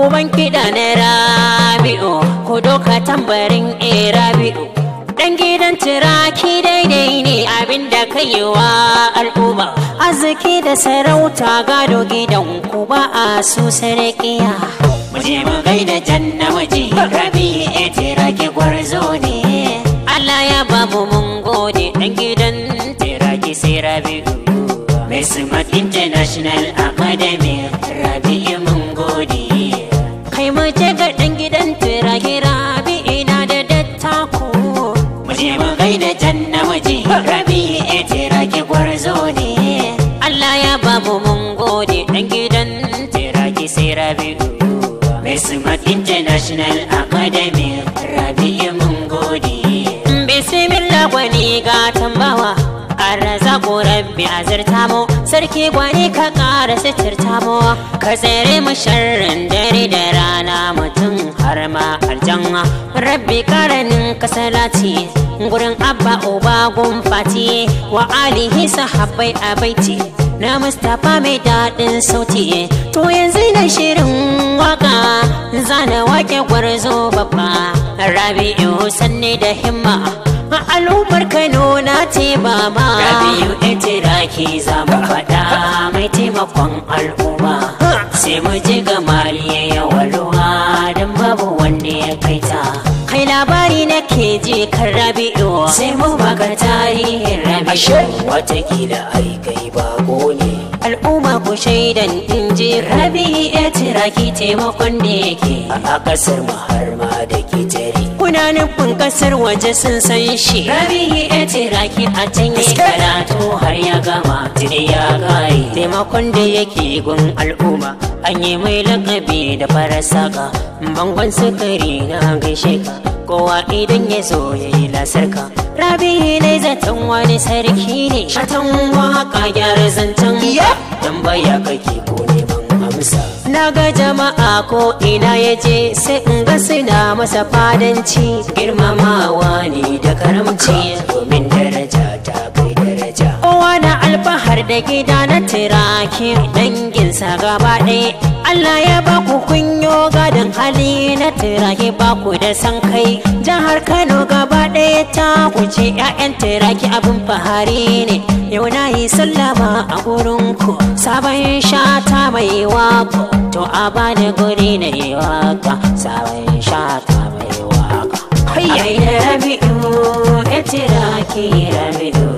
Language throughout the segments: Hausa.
ban kiɗa na rabi'u ku doka tambarin e rabi'u dan gidan ciraki daidai ne abin da ka yi wa al'umma arziki da sarauta gado gidan ku ba a su sarkiya muje mu gaida janna miji rabi e tiraki gwarzo ne Allah ya babu mun gode dan gidan tiraki sai rabi'u Basement International Academy da ɗan gidan gira-gira ina da dattako muje mu gaida can namiji rabi e tiraki gwarzo ne Allah ya babu mun gode ɗan gidan tiraki sai rabi Bismat International Academy rabi mun gode Bismillah gwani ga tambawa Arzaku rabbi azirta mu sarki gwani ka ƙara sitirta mu ka tsere mu sharrin dare da rana mutum har ma jan. rabbi karanin kasalati gurin abba uba gumfati wa alihi sahabbai a baici. na mustapha mai daɗin sauti to yanzu na shirin waka zana wake gwarzo babba rabi'u sanne da himma al'ummar Kano na ce mama Rabiu ce raki za mu faɗa mai taimakon al'umma sai mu je ga maliya yawa ruwa don babu wanda ya kai kai labari na ke je kan Rabiu sai mu baka tarihin Rabiu watakila ai kai shaidan in ji rabi ya tira ki taimakon da yake a kasar mu har ma da ke tare kuna nufin kasar waje sun san shi rabi ya tira ki a can yi karatu har ya gama tiri ya gaye taimakon da yake gun al'umma an yi mai lakabi da farasaka bangon sukari na gaishe ka kowa idan ya zo ya yi lasarka rabi ne zaton wani sarki ne shatan waka gyara zancen dan baya kake ko neman amsa na ga jama'a ko ina ya je sai in ga suna masa fadanci girmamawa ne da karamci domin daraja ta kai daraja kowa na alfahar da gida na tiraki dan sa gaba Allah ya ba ku kunyo gadon hali na turaki ba ku da san kai jihar Kano gaba ɗaya ta kuce ƴaƴan 'ya'yan turaki abin fahari ne yau na yi sallama a gurin ku sabon shata mai waka to a bani guri na yi waka sabon shata mai waka Hayyai da rabi'u, ya tira ki rabi'u,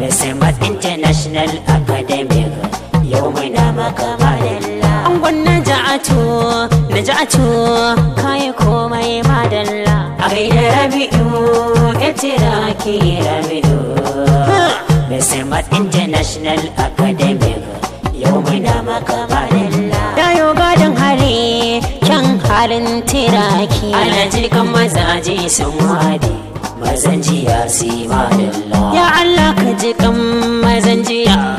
da International Academy. yau mai muna maka madalla angon na ja'atu na ja'atu kai komai ma madalla a kai gaida rabi'u itira ki rabi'u Bismat International Academy yau mai muna maka madalla dayo gadon hari kyan halin tiraki alhaji kan mazaje sun wade mazan jiya su yi madalla ya Allah ka ji kan mazan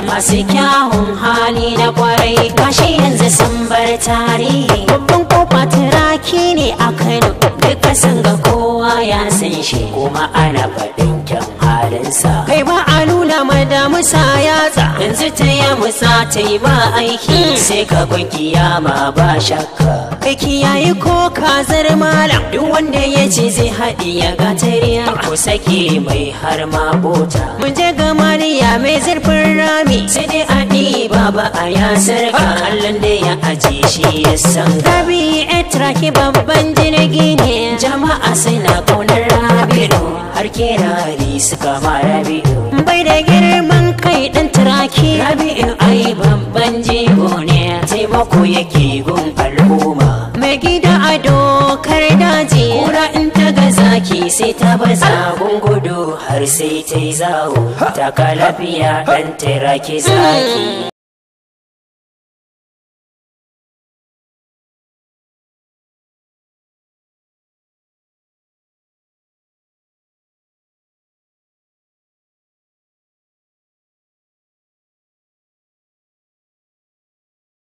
masu kyan tarih ta ya musa ta yi ma aiki sai ka bin kiyama ba shakka ka kiyaye ko ka zar malam duk wanda ya ce zai haɗi ya gatariya ko sake mai har ma bota mun je ga mai zurfin rami sai dai a ɗiba baba a yasar allon da ya aji shi ya san gabi traki babban jirgi ne jama'a suna ƙaunar rabido har kirari suka ma rabido bai da girman kai ɗan yake rabi'in ai babban jigo ne taimako yake gun al'umma mai gida a dokar daji kura in ta ga zaki sai ta baza gun gudu har sai ta yi zawo ta kalafiya. dan tera ki zaki